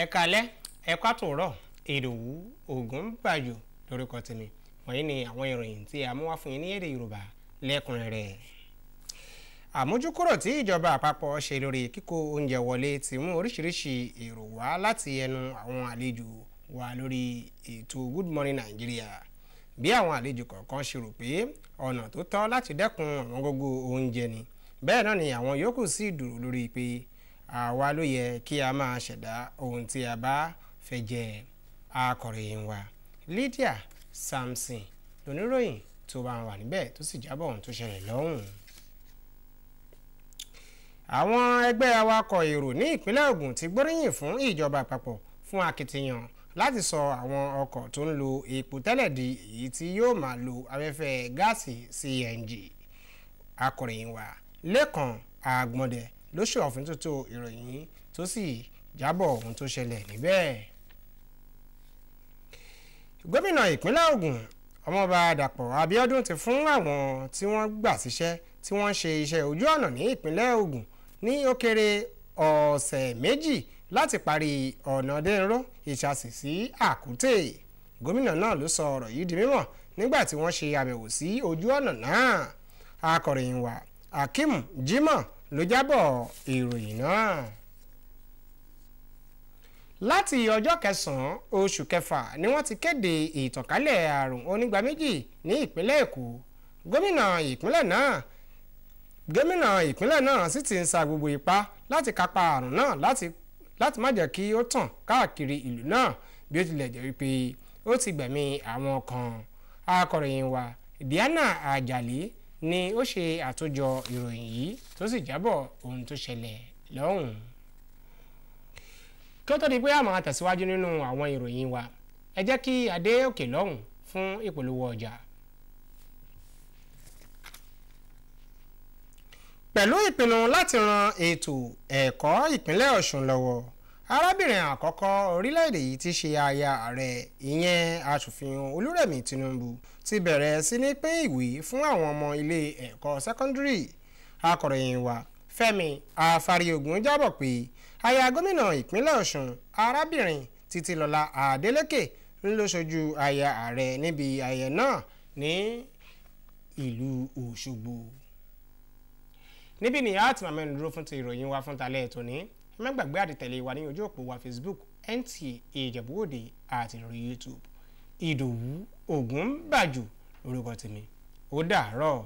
ẹ kalẹ́ ẹ kátó rọ̀ Ìdòwú Ògúnbàjò lórúkọ tèmi wọ̀nyí ni àwọn ìròyìn tí a mú wá fún yín ní èdè Yorùbá lẹ́kùnrẹ́rẹ́ àmójúkúrò tí ìjọba àpapọ̀ ṣe lórí kíkó oúnjẹ wọlé ti mú oríṣiríṣi èrò wá láti ẹnu àwọn àlejò wa lórí ètò Good Morning Nigeria bí àwọn àlejò kọ̀ọ̀kan ṣe rò pé ọ̀nà tó tọ́ láti dẹ́kun ọ̀wọ́n gógó oúnjẹ ni bẹ́ẹ̀ náà ni àwọn yòókù sì dúró lórí pé àwa ló yẹ kí a máa ṣẹ̀dá ohun tí a bá fẹ́ jẹ akọ̀ròyìn wa Lydia Samson lóníròyìn tó bá wà níbẹ̀ tó sì jábọ̀ ohun tó ṣẹlẹ̀ lọ́hùn. àwọn ẹgbẹ́ awakọ̀ èrò ní ìpínlẹ̀ Ògùn ti gbóríyìn fún ìjọba àpapọ̀ fún akitiyan láti sọ àwọn ọkọ̀ tó ń lo epo tẹ́lẹ̀ di èyí tí yóò máa lo afẹ́fẹ́ gáàsì CNG akọ̀ròyìn wa Lẹ́kan Àgbọ̀ndẹ̀ ló ṣèrò fún tótó ìròyìn tó sì jábọ̀ ohun tó ṣẹlẹ̀ níbẹ̀. gómìnà ìpínlẹ̀ Ògùn ọmọọba Dàpọ̀ Abíọ́dún ti fún àwọn tí wọ́n gbà síṣẹ́ tí wọ́n ń ṣe iṣẹ́ ojú ọ̀nà ní ìpínlẹ̀ Ògùn ní ó kéré ọ̀sẹ̀ méjì láti parí ọ̀nà dẹ́rọ́ ìṣàsì sí àkútè gómìnà náà ló sọ ọ̀rọ̀ yìí di mímọ̀ nígbà tí wọ́n ṣe àbẹ̀wò sí ojú ọ̀nà náà akọ̀ròyìn wa Akeem Jimoh ló jábọ̀ ìròyìn náà láti ọjọ́ kẹsàn-án oṣù kẹfà ni wọ́n ti kéde ìtànkálẹ̀ àrùn onígbà méjì ní ìpínlẹ̀ èkó gómìnà ìpínlẹ̀ náà gómìnà ìpínlẹ̀ náà sì ti ń sa gbogbo ipá láti kápá àrùn náà láti láti má jẹ́ kí ó tàn káàkiri ìlú náà bí ó tilẹ̀ jẹ́ wípé ó ti gbẹ̀mí àwọn kan akọ̀ròyìn wa Diana Ajali ni ó ṣe àtòjọ ìròyìn yìí tó sì jábọ̀ ohun tó ṣẹlẹ̀ lọ́hùn kí ó tó di pé àmọ́ àtẹ̀síwájú nínú àwọn ìròyìn wa ẹ jẹ́ kí adé òkè lọ́hùn fún ìpolówó ọjà. pẹ̀lú ìpinnu láti ran ètò ẹ̀kọ́ ìpínlẹ̀ Ọ̀ṣun lọ́wọ́ arábìnrin àkọ́kọ́ orílẹ̀-èdè yìí ti ṣe aya ààrẹ ìyẹn aṣòfin olúrẹ̀mí tinubu ti bẹ̀rẹ̀ sí ní pín ìwé fún àwọn ọmọ ilé ẹ̀kọ́ sẹ́kọ́ndírì akọ̀ròyìn wa fẹ́mi afáriogun jábọ̀ pé aya gómìnà ìpínlẹ̀ ọ̀ṣun arábìnrin títílọ́lá adeleke ń lọ ṣojú aya ààrẹ níbi ayẹ náà ní ìlú òṣogbo níbí ni a ti máa mẹ́nu dúró fún ti ìròyìn wa fún talẹ́ ètò má gbàgbé àdìtẹ̀lé wa ní ojú òpó wa Facebook NTA Ìjẹ̀bú Òde àti lórí YouTube Ìdòwú Ògúnbàjò lórúkọ tèmi ó dàárọ̀.